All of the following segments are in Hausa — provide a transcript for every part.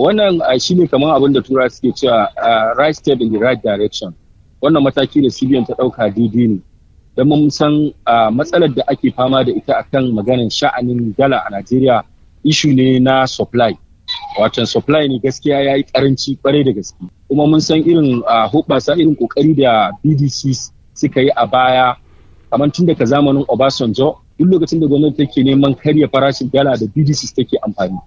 wannan ah, shi ne kamar abin da tura suke cewa ah, right step in the right direction wannan mataki da cbn ta ɗauka daidai ne don mun san ah, matsalar da ake fama da ita akan maganin sha'anin dala a najeriya ishu ne na supply watan supply ne gaskiya ya yi karanci kwarai da gaske kuma mun san irin hubasa irin kokari da bdc suka yi a baya kamar tun daga zamanin obasanjo duk lokacin da gwamnati take neman karya farashin dala da bdc take amfani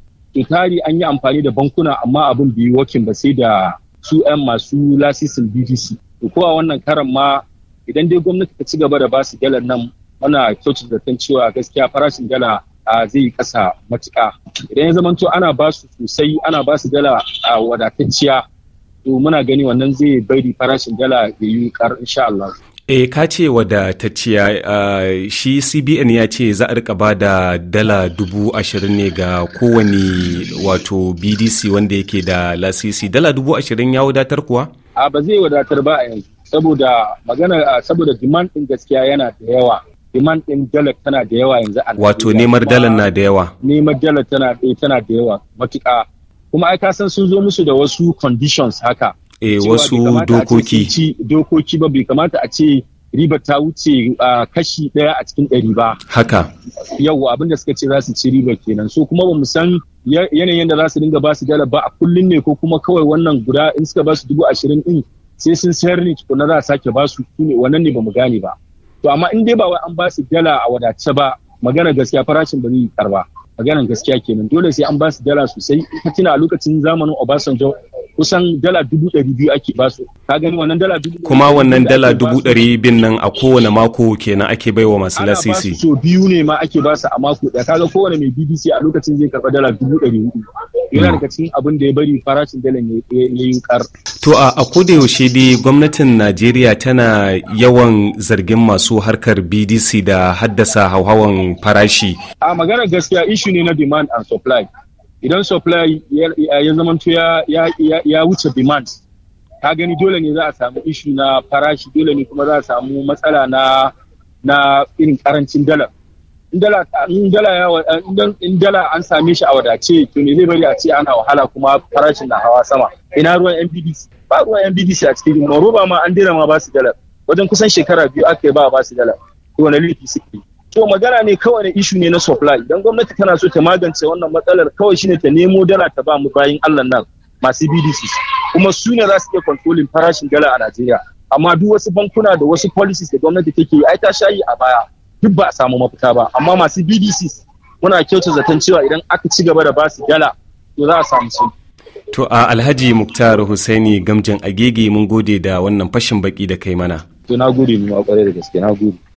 tari an yi amfani da bankuna amma abin bai wakin ba sai da su 'yan masu lasisin bbc to kowa wannan karan ma idan dai gwamnati ta ci gaba da basu galar nan muna kyautar da kan cewa gaskiya farashin dala a zai kasa matuka idan ya zamanto ana basu sosai ana basu dala a wadatacciya to muna gani wannan zai bari farashin dala ya yi kar insha E ka ce wadatacciya shi CBN ya ce za a rika ba da dala dubu ashirin ne ga kowane wato BDC wanda yake da lasisi dala dubu ashirin ya wadatar kuwa? A ba zai wadatar ba a yanzu saboda magana saboda demand din gaskiya yana da yawa. Demand din dalar tana da yawa yanzu Wato nemar dalar na da yawa. Nemar dalar eh, tana da yawa matuƙa. Kuma ai ka san sun zo musu da wasu conditions haka. e, wasu dokoki dokoki ba bai kamata a ce riba ta wuce kashi ɗaya a cikin ɗari ba haka yau abin da suka ce za su ci ribar kenan so kuma ba san yanayin da za su dinga ba su dala ba a kullum ne ko kuma kawai wannan guda in suka ba su dubu ashirin in sai sun sayar ne tukuna za a sake ba su ne wannan ne ba mu gane ba to amma in dai ba wai an ba su dala a wadace ba magana gaskiya farashin ba zai yi karba maganan gaskiya kenan dole sai an ba su dala sosai ka tuna a lokacin zamanin Obasanjo kusan dala dubu ɗari biyu ake ba ka gani wannan dala dubu kuma wannan dala dubu ɗari bin nan a kowane mako kenan ake bai wa masu lasisi so biyu ne ma ake ba su a mako da kaga kowane mai bbc a lokacin zai karɓa dala dubu ɗari hudu yana hmm. daga cikin abin da ya bari farashin dala ya yi kar to a koda yaushe dai gwamnatin najeriya tana yawan zargin masu harkar bdc da haddasa hauhawan farashi a maganar gaskiya ishu ne na demand and supply idan supply ya zamanto ya wuce demand ka gani dole ne za a samu ishu na farashi dole ne kuma za a samu matsala na na irin karancin dala in dala an same shi a wadace to ne zai bari a ce ana wahala kuma farashin na hawa sama ina ruwan NBDC. ba ruwan NBDC a cikin roba ma an dira ma ba su dala wajen kusan shekara biyu aka yi ba ba su dala to wani suke to magana ne kawai na ishu ne na supply idan gwamnati tana so ta magance wannan matsalar kawai shi ne ta nemo dala ta ba mu bayin Allah nan masu BDC kuma su ne za su iya controlling farashin dala a Najeriya amma duk wasu bankuna da wasu policies da gwamnati take yi ai ta shayi a baya duk ba a samu mafita ba amma masu BDC muna kyauta zaton cewa idan aka ci gaba da basu dala to za a samu su. To a Alhaji Muktar Husaini Gamjan Agege mun gode da wannan fashin baki da kai mana. To na gode mu kwarai da gaske na gode.